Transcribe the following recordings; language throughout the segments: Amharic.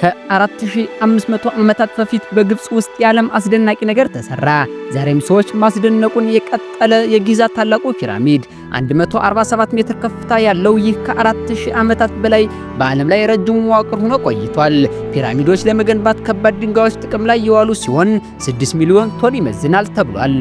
ከ4500 ዓመታት በፊት በግብፅ ውስጥ የዓለም አስደናቂ ነገር ተሰራ። ዛሬም ሰዎች ማስደነቁን የቀጠለ የጊዛ ታላቁ ፒራሚድ 147 ሜትር ከፍታ ያለው ይህ ከ4000 ዓመታት በላይ በዓለም ላይ ረጅሙ መዋቅር ሆኖ ቆይቷል። ፒራሚዶች ለመገንባት ከባድ ድንጋዮች ጥቅም ላይ የዋሉ ሲሆን 6 ሚሊዮን ቶን ይመዝናል ተብሏል።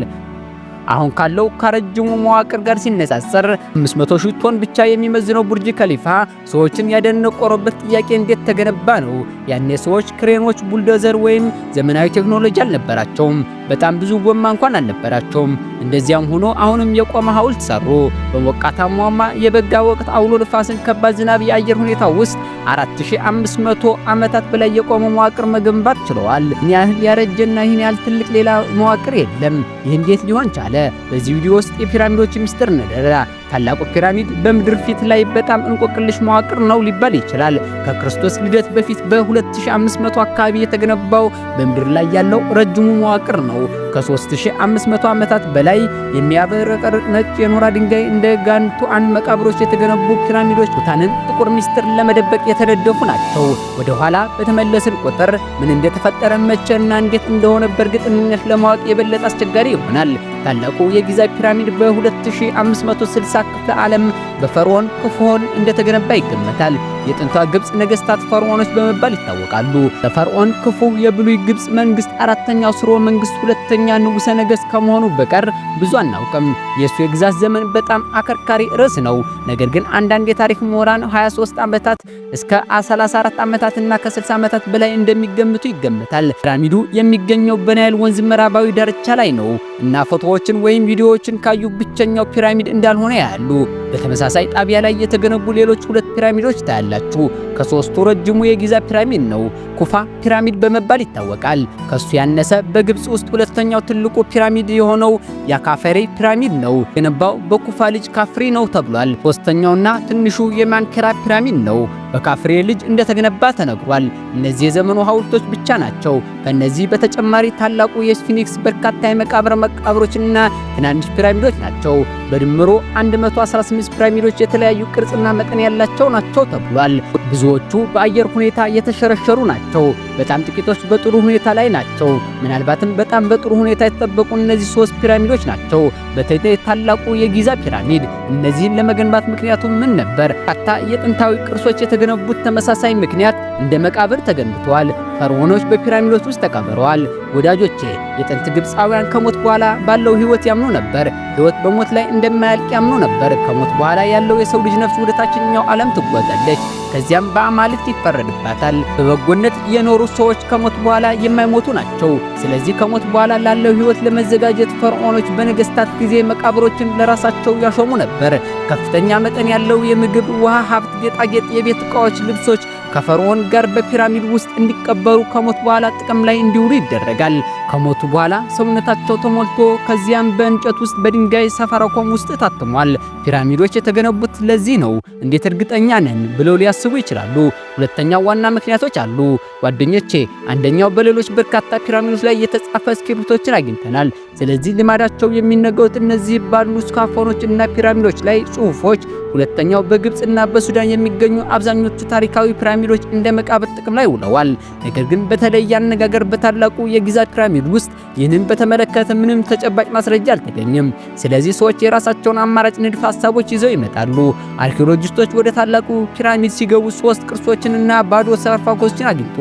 አሁን ካለው ከረጅሙ መዋቅር ጋር ሲነጻጸር 500 ሺህ ቶን ብቻ የሚመዝነው ቡርጅ ከሊፋ ሰዎችን ያደነቆረበት ጥያቄ እንዴት ተገነባ ነው። ያኔ ሰዎች ክሬኖች፣ ቡልዶዘር ወይም ዘመናዊ ቴክኖሎጂ አልነበራቸውም። በጣም ብዙ ጎማ እንኳን አልነበራቸውም። እንደዚያም ሆኖ አሁንም የቆመ ሐውልት ሰሩ። በሞቃታማማ የበጋ ወቅት አውሎ ንፋስን፣ ከባድ ዝናብ፣ የአየር ሁኔታ ውስጥ 4500 ዓመታት በላይ የቆመ መዋቅር መገንባት ችለዋል። ይህን ያህል ያረጀና ይህን ያህል ትልቅ ሌላ መዋቅር የለም። ይህ እንዴት ሊሆን ቻለ? በዚህ ቪዲዮ ውስጥ የፒራሚዶች ሚስጢር እንረዳ። ታላቁ ፒራሚድ በምድር ፊት ላይ በጣም እንቆቅልሽ መዋቅር ነው ሊባል ይችላል። ከክርስቶስ ልደት በፊት በ2500 አካባቢ የተገነባው በምድር ላይ ያለው ረጅሙ መዋቅር ነው። ከ3500 ዓመታት በላይ የሚያብረቀርቅ ነጭ የኖራ ድንጋይ እንደ ጋንቱአን መቃብሮች የተገነቡ ፒራሚዶች ቦታንን ጥቁር ሚስጥር ለመደበቅ የተደደፉ ናቸው። ወደ ኋላ በተመለስን ቁጥር ምን እንደተፈጠረ መቼና እንዴት እንደሆነ በእርግጠኝነት ለማወቅ የበለጠ አስቸጋሪ ይሆናል። ታላቁ የጊዛ ፒራሚድ በ2560 ክፍለ ዓለም በፈርዖን ክፍሆን እንደተገነባ ይገመታል። የጥንቷ ግብፅ ነገሥታት ፈርዖኖች በመባል ይታወቃሉ። ለፈርዖን ክፉ የብሉይ ግብፅ መንግሥት አራተኛው ስርወ መንግሥት ሁለተኛ ንጉሠ ነገሥት ከመሆኑ በቀር ብዙ አናውቅም። የእሱ የግዛት ዘመን በጣም አከርካሪ ርዕስ ነው። ነገር ግን አንዳንድ የታሪክ ምሁራን 23 ዓመታት እስከ 34 ዓመታትና ከ60 ዓመታት በላይ እንደሚገምቱ ይገምታል። ፒራሚዱ የሚገኘው በናይል ወንዝ ምዕራባዊ ዳርቻ ላይ ነው እና ፎቶ ፎቶዎችን ወይም ቪዲዮዎችን ካዩ ብቸኛው ፒራሚድ እንዳልሆነ ያሉ። በተመሳሳይ ጣቢያ ላይ የተገነቡ ሌሎች ሁለት ፒራሚዶች ታያላችሁ። ከሶስቱ ረጅሙ የጊዛ ፒራሚድ ነው፣ ኩፋ ፒራሚድ በመባል ይታወቃል። ከሱ ያነሰ በግብፅ ውስጥ ሁለተኛው ትልቁ ፒራሚድ የሆነው የካፈሬ ፒራሚድ ነው፣ የነባው በኩፋ ልጅ ካፍሪ ነው ተብሏል። ሶስተኛውና ትንሹ የማንኬራ ፒራሚድ ነው። በካፍሬ ልጅ እንደተገነባ ተነግሯል። እነዚህ የዘመኑ ሐውልቶች ብቻ ናቸው። ከነዚህ በተጨማሪ ታላቁ የስፊንክስ በርካታ የመቃብር መቃብሮችና ትናንሽ ፒራሚዶች ናቸው። በድምሮ 118 ፒራሚዶች የተለያዩ ቅርጽና መጠን ያላቸው ናቸው ተብሏል። ብዙዎቹ በአየር ሁኔታ የተሸረሸሩ ናቸው። በጣም ጥቂቶች በጥሩ ሁኔታ ላይ ናቸው። ምናልባትም በጣም በጥሩ ሁኔታ የተጠበቁ እነዚህ ሶስት ፒራሚዶች ናቸው። በተለይ ታላቁ የጊዛ ፒራሚድ። እነዚህን ለመገንባት ምክንያቱ ምን ነበር? በርካታ የጥንታዊ ቅርሶች የተ የተገነቡት ተመሳሳይ ምክንያት እንደ መቃብር ተገንብተዋል። ፈርዖኖች በፒራሚዶች ውስጥ ተቀብረዋል። ወዳጆቼ የጥንት ግብፃውያን ከሞት በኋላ ባለው ሕይወት ያምኑ ነበር። ሕይወት በሞት ላይ እንደማያልቅ ያምኑ ነበር። ከሞት በኋላ ያለው የሰው ልጅ ነፍስ ወደ ታችኛው ዓለም ትጓዛለች። ከዚያም በአማልክት ይፈረድባታል። በበጎነት የኖሩ ሰዎች ከሞት በኋላ የማይሞቱ ናቸው። ስለዚህ ከሞት በኋላ ላለው ሕይወት ለመዘጋጀት ፈርዖኖች በነገስታት ጊዜ መቃብሮችን ለራሳቸው ያሾሙ ነበር። ከፍተኛ መጠን ያለው የምግብ ውሃ ሀብት፣ ጌጣጌጥ፣ የቤት ዕቃዎች፣ ልብሶች ከፈርዖን ጋር በፒራሚድ ውስጥ እንዲቀበሩ ከሞት በኋላ ጥቅም ላይ እንዲውሉ ይደረጋል። ከሞቱ በኋላ ሰውነታቸው ተሞልቶ ከዚያም በእንጨት ውስጥ በድንጋይ ሰፈረኮም ውስጥ ታትሟል። ፒራሚዶች የተገነቡት ለዚህ ነው። እንዴት እርግጠኛ ነን ብለው ሊያስቡ ይችላሉ። ሁለተኛው ዋና ምክንያቶች አሉ። ጓደኞቼ፣ አንደኛው በሌሎች በርካታ ፒራሚዶች ላይ የተጻፈ እስክሪብቶችን አግኝተናል። ስለዚህ ልማዳቸው የሚነገሩት እነዚህ ባሉ ስካፎኖች እና ፒራሚዶች ላይ ጽሑፎች ሁለተኛው በግብፅና በሱዳን የሚገኙ አብዛኞቹ ታሪካዊ ፒራሚዶች እንደ መቃብር ጥቅም ላይ ውለዋል። ነገር ግን በተለየ አነጋገር በታላቁ የጊዛ ፒራሚድ ውስጥ ይህንን በተመለከተ ምንም ተጨባጭ ማስረጃ አልተገኘም። ስለዚህ ሰዎች የራሳቸውን አማራጭ ንድፍ ሀሳቦች ይዘው ይመጣሉ። አርኪኦሎጂስቶች ወደ ታላቁ ፒራሚድ ሲገቡ ሶስት ቅርሶችንና ባዶ ሳርኮፋጎሶችን አግኝቶ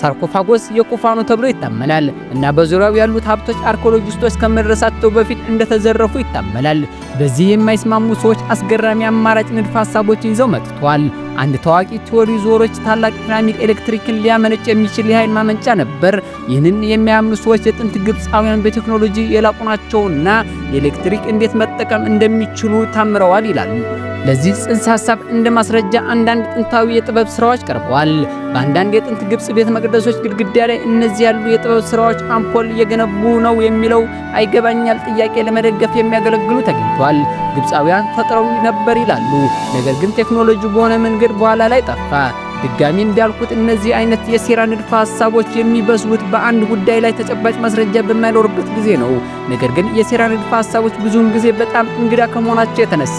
ሳርኮፋጎስ የቁፋኑ ተብሎ ይታመናል እና በዙሪያው ያሉት ሀብቶች አርኪኦሎጂስቶች ከመድረሳቸው በፊት እንደተዘረፉ ይታመናል። በዚህ የማይስማሙ ሰዎች አስገራሚ አማራጭ ንድፈ ሀሳቦችን ይዘው መጥተዋል። አንድ ታዋቂ ቲዎሪ ዞሮች ታላቅ ፒራሚድ ኤሌክትሪክን ሊያመነጭ የሚችል የኃይል ማመንጫ ነበር። ይህንን የሚያምኑ ሰዎች የጥንት ግብፃውያን በቴክኖሎጂ የላቁናቸውና ኤሌክትሪክ እንዴት መጠቀም እንደሚችሉ ታምረዋል ይላሉ። ለዚህ ጽንሰ ሐሳብ እንደ ማስረጃ አንዳንድ ጥንታዊ የጥበብ ሥራዎች ቀርበዋል። በአንዳንድ የጥንት ግብጽ ቤተ መቅደሶች ግድግዳ ላይ እነዚህ ያሉ የጥበብ ስራዎች አምፖል እየገነቡ ነው የሚለው አይገባኛል ጥያቄ ለመደገፍ የሚያገለግሉ ተገኝቷል። ግብፃውያን ፈጥረው ነበር ይላሉ። ነገር ግን ቴክኖሎጂ በሆነ መንገድ በኋላ ላይ ጠፋ። ድጋሚ እንዳልኩት እነዚህ አይነት የሴራ ንድፈ ሀሳቦች የሚበስሉት በአንድ ጉዳይ ላይ ተጨባጭ ማስረጃ በማይኖርበት ጊዜ ነው። ነገር ግን የሴራ ንድፈ ሀሳቦች ብዙውን ጊዜ በጣም እንግዳ ከመሆናቸው የተነሳ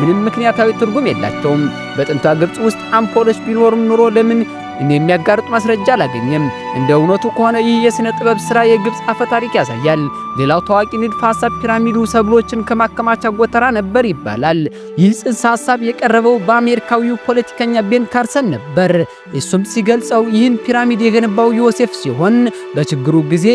ምንም ምክንያታዊ ትርጉም የላቸውም። በጥንቷ ግብፅ ውስጥ አምፖሎች ቢኖሩም ኑሮ ለምን እኔ የሚያጋርጥ ማስረጃ አላገኘም። እንደ እውነቱ ከሆነ ይህ የሥነ ጥበብ ሥራ የግብፅ አፈ ታሪክ ያሳያል። ሌላው ታዋቂ ንድፈ ሐሳብ ፒራሚዱ ሰብሎችን ከማከማቻ ጎተራ ነበር ይባላል። ይህ ጽንሰ ሐሳብ የቀረበው በአሜሪካዊው ፖለቲከኛ ቤን ካርሰን ነበር። እሱም ሲገልጸው ይህን ፒራሚድ የገነባው ዮሴፍ ሲሆን በችግሩ ጊዜ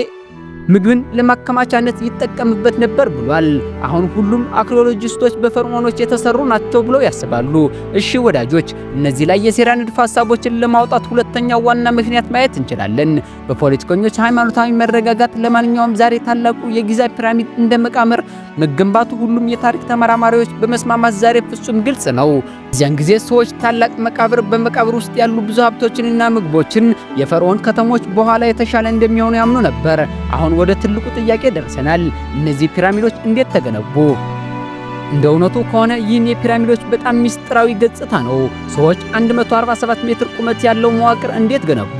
ምግብን ለማከማቻነት ይጠቀምበት ነበር ብሏል። አሁን ሁሉም አርኪኦሎጂስቶች በፈርሞኖች የተሰሩ ናቸው ብለው ያስባሉ። እሺ ወዳጆች፣ እነዚህ ላይ የሴራ ንድፍ ሀሳቦችን ለማውጣት ሁለተኛው ዋና ምክንያት ማየት እንችላለን። በፖለቲከኞች ሃይማኖታዊ መረጋጋት ለማንኛውም ዛሬ ታላቁ የጊዛ ፒራሚድ እንደ መቃመር መገንባቱ ሁሉም የታሪክ ተመራማሪዎች በመስማማት ዛሬ ፍጹም ግልጽ ነው። እዚያን ጊዜ ሰዎች ታላቅ መቃብር በመቃብር ውስጥ ያሉ ብዙ ሀብቶችንና ምግቦችን የፈርዖን ከተሞች በኋላ የተሻለ እንደሚሆኑ ያምኑ ነበር። አሁን ወደ ትልቁ ጥያቄ ደርሰናል። እነዚህ ፒራሚዶች እንዴት ተገነቡ? እንደ እውነቱ ከሆነ ይህን የፒራሚዶች በጣም ሚስጥራዊ ገጽታ ነው። ሰዎች 147 ሜትር ቁመት ያለው መዋቅር እንዴት ገነቡ?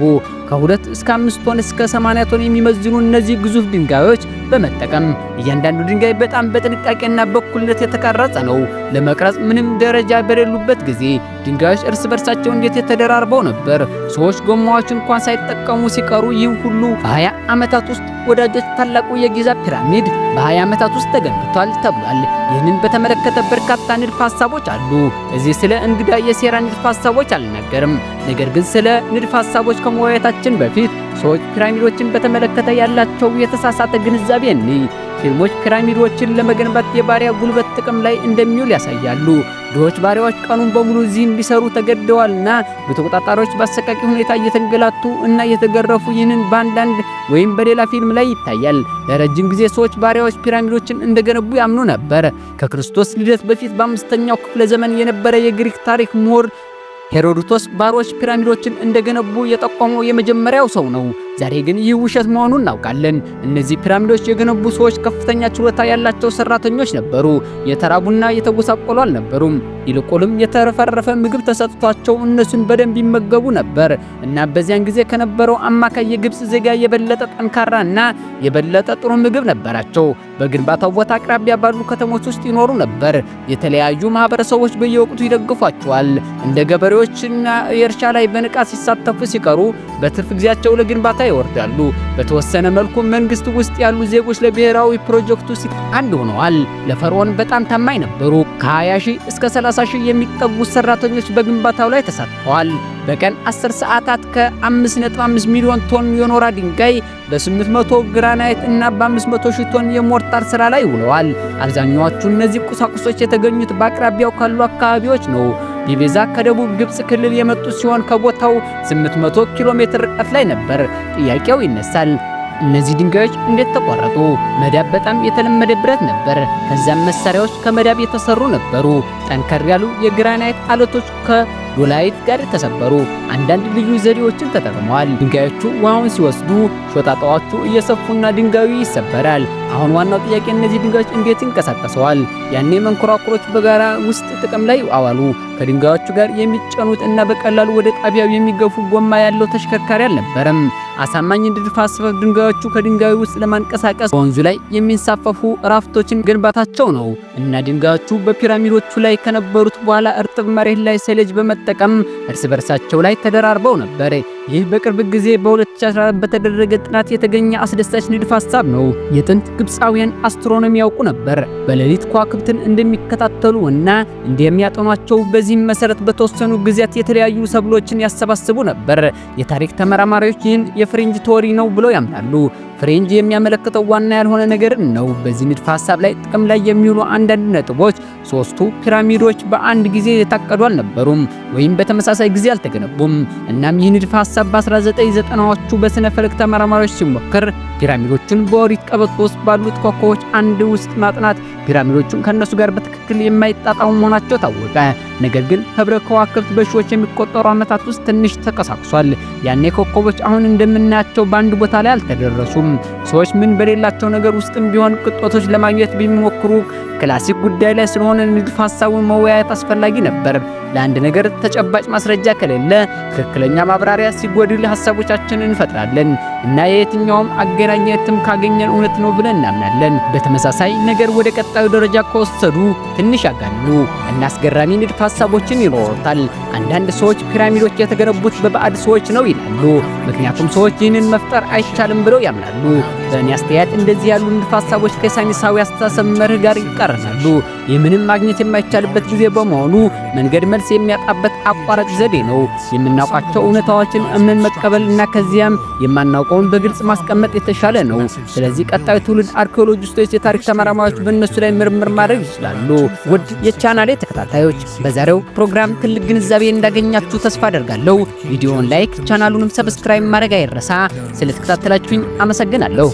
ከሁለት እስከ 5 ቶን እስከ 80 ቶን የሚመዝኑ እነዚህ ግዙፍ ድንጋዮች በመጠቀም እያንዳንዱ ድንጋይ በጣም በጥንቃቄና በእኩልነት የተቀረጸ ነው። ለመቅረጽ ምንም ደረጃ በሌሉበት ጊዜ ድንጋዮች እርስ በርሳቸው እንዴት የተደራርበው ነበር! ሰዎች ጎማዎች እንኳን ሳይጠቀሙ ሲቀሩ ይህም ሁሉ በ20 ዓመታት ውስጥ ወዳጆች ታላቁ የጊዛ ፒራሚድ በ20 ዓመታት ውስጥ ተገንብቷል ተብሏል። ይህንን በተመለከተ በርካታ ንድፍ ሀሳቦች አሉ። እዚህ ስለ እንግዳ የሴራ ንድፍ ሀሳቦች አልናገርም። ነገር ግን ስለ ንድፍ ሀሳቦች ከመወያየታችን በፊት ሰዎች ፒራሚዶችን በተመለከተ ያላቸው የተሳሳተ ግንዛቤ እንይ። ፊልሞች ፒራሚዶችን ለመገንባት የባሪያ ጉልበት ጥቅም ላይ እንደሚውል ያሳያሉ። ድሆች ባሪያዎች ቀኑን በሙሉ እዚህ እንዲሰሩ ተገደዋልና በተቆጣጣሪዎች በአሰቃቂ ሁኔታ እየተንገላቱ እና እየተገረፉ ይህንን በአንዳንድ ወይም በሌላ ፊልም ላይ ይታያል። ለረጅም ጊዜ ሰዎች ባሪያዎች ፒራሚዶችን እንደገነቡ ያምኑ ነበር። ከክርስቶስ ልደት በፊት በአምስተኛው ክፍለ ዘመን የነበረ የግሪክ ታሪክ ምሁር ሄሮዶቶስ ባሮች ፒራሚዶችን እንደገነቡ የጠቆመው የመጀመሪያው ሰው ነው። ዛሬ ግን ይህ ውሸት መሆኑን እናውቃለን። እነዚህ ፒራሚዶች የገነቡ ሰዎች ከፍተኛ ችሎታ ያላቸው ሰራተኞች ነበሩ። የተራቡና የተጎሳቆሉ አልነበሩም። ይልቁንም የተረፈረፈ ምግብ ተሰጥቷቸው እነሱን በደንብ ይመገቡ ነበር እና በዚያን ጊዜ ከነበረው አማካይ የግብፅ ዜጋ የበለጠ ጠንካራ እና የበለጠ ጥሩ ምግብ ነበራቸው። በግንባታው ቦታ አቅራቢያ ባሉ ከተሞች ውስጥ ይኖሩ ነበር። የተለያዩ ማህበረሰቦች በየወቅቱ ይደግፏቸዋል። እንደ ገበሬዎችና የእርሻ ላይ በንቃት ሲሳተፉ ሲቀሩ በትርፍ ጊዜያቸው ለግንባታ ሁኔታ ይወርዳሉ። በተወሰነ መልኩ መንግስት ውስጥ ያሉ ዜጎች ለብሔራዊ ፕሮጀክቱ አንድ ሆነዋል። ለፈርዖን በጣም ታማኝ ነበሩ። ከ20 ሺህ እስከ 30 ሺህ የሚጠጉ ሰራተኞች በግንባታው ላይ ተሳትፈዋል። በቀን 10 ሰዓታት ከ5.5 ሚሊዮን ቶን የኖራ ድንጋይ በ800 ግራናይት እና በ500 ሺህ ቶን የሞርታር ስራ ላይ ውለዋል። አብዛኛዎቹ እነዚህ ቁሳቁሶች የተገኙት በአቅራቢያው ካሉ አካባቢዎች ነው። ቢቤዛ ከደቡብ ግብፅ ክልል የመጡ ሲሆን ከቦታው 800 ኪሎ ሜትር ርቀት ላይ ነበር። ጥያቄው ይነሳል። እነዚህ ድንጋዮች እንዴት ተቆረጡ? መዳብ በጣም የተለመደ ብረት ነበር። ከዚያም መሳሪያዎች ከመዳብ የተሰሩ ነበሩ። ጠንከር ያሉ የግራናይት አለቶች ከዶላይት ጋር ተሰበሩ። አንዳንድ ልዩ ዘዴዎችን ተጠቅመዋል። ድንጋዮቹ ውሃውን ሲወስዱ ሾጣጣዎቹ እየሰፉና ድንጋዩ ይሰበራል። አሁን ዋናው ጥያቄ እነዚህ ድንጋዮች እንዴት ይንቀሳቀሰዋል? ያኔ መንኮራኩሮች በጋራ ውስጥ ጥቅም ላይ አዋሉ። ከድንጋዮቹ ጋር የሚጫኑት እና በቀላሉ ወደ ጣቢያው የሚገፉ ጎማ ያለው ተሽከርካሪ አልነበረም። አሳማኝ ንድፈ ሐሳብ ድንጋዮቹ ከድንጋዩ ውስጥ ለማንቀሳቀስ በወንዙ ላይ የሚንሳፈፉ ራፍቶችን ግንባታቸው ነው እና ድንጋዮቹ በፒራሚዶቹ ላይ ከነበሩት በኋላ እርጥብ መሬት ላይ ሰሌጅ በመጠቀም እርስ በርሳቸው ላይ ተደራርበው ነበር። ይህ በቅርብ ጊዜ በ2014 በተደረገ ጥናት የተገኘ አስደሳች ንድፍ ሀሳብ ነው። የጥንት ግብፃውያን አስትሮኖሚ ያውቁ ነበር፣ በሌሊት ከዋክብትን እንደሚከታተሉ እና እንደሚያጠኗቸው። በዚህም መሰረት በተወሰኑ ጊዜያት የተለያዩ ሰብሎችን ያሰባስቡ ነበር። የታሪክ ተመራማሪዎች ይህን የፍሪንጅ ቶሪ ነው ብለው ያምናሉ። ፍሬንጅ የሚያመለክተው ዋና ያልሆነ ነገር ነው። በዚህ ንድፈ ሐሳብ ላይ ጥቅም ላይ የሚውሉ አንዳንድ ነጥቦች ሶስቱ ፒራሚዶች በአንድ ጊዜ የታቀዱ አልነበሩም ወይም በተመሳሳይ ጊዜ አልተገነቡም። እናም ይህ ንድፈ ሐሳብ በ1990ዎቹ በስነ ፈለክ ተመራማሪዎች ሲሞከር ፒራሚዶቹን በኦሪት ቀበቶ ውስጥ ባሉት ኮከቦች አንድ ውስጥ ማጥናት ፒራሚዶቹም ከእነሱ ጋር በትክክል የማይጣጣሙ መሆናቸው ታወቀ። ነገር ግን ህብረ ከዋክብት በሺዎች የሚቆጠሩ ዓመታት ውስጥ ትንሽ ተቀሳቅሷል። ያኔ ኮከቦች አሁን እንደምናያቸው በአንድ ቦታ ላይ አልተደረሱም። ሰዎች ምን በሌላቸው ነገር ውስጥም ቢሆን ቅጦቶች ለማግኘት ቢሞክሩ ክላሲክ ጉዳይ ላይ ስለሆነ ንድፍ ሀሳቡን መወያየት አስፈላጊ ነበር። ለአንድ ነገር ተጨባጭ ማስረጃ ከሌለ ትክክለኛ ማብራሪያ ሲጎድል ሀሳቦቻችንን እንፈጥራለን እና የትኛውም አገናኘትም ካገኘን እውነት ነው ብለን እናምናለን። በተመሳሳይ ነገር ወደ ቀጣዩ ደረጃ ከወሰዱ ትንሽ ያጋሉ እና አስገራሚ ንድፍ ሀሳቦችን ይኖሩታል። አንዳንድ ሰዎች ፒራሚዶች የተገነቡት በባዕድ ሰዎች ነው ይላሉ። ምክንያቱም ሰዎች ይህንን መፍጠር አይቻልም ብለው ያምናሉ። በእኔ አስተያየት እንደዚህ ያሉ ንድፈ ሐሳቦች ከሳይንሳዊ አስተሳሰብ መርህ ጋር ይቃረናሉ። ይህ ምንም ማግኘት የማይቻልበት ጊዜ በመሆኑ መንገድ መልስ የሚያጣበት አቋራጭ ዘዴ ነው። የምናውቃቸው እውነታዎችን እምን መቀበል እና ከዚያም የማናውቀውን በግልጽ ማስቀመጥ የተሻለ ነው። ስለዚህ ቀጣዩ ትውልድ አርኪኦሎጂስቶች፣ የታሪክ ተመራማሪዎች በእነሱ ላይ ምርምር ማድረግ ይችላሉ። ውድ የቻናሌ ተከታታዮች በዛሬው ፕሮግራም ትልቅ ግንዛቤ እንዳገኛችሁ ተስፋ አደርጋለሁ። ቪዲዮውን ላይክ፣ ቻናሉንም ሰብስክራይብ ማድረግ አይረሳ። ስለተከታተላችሁኝ አመሰግናለሁ።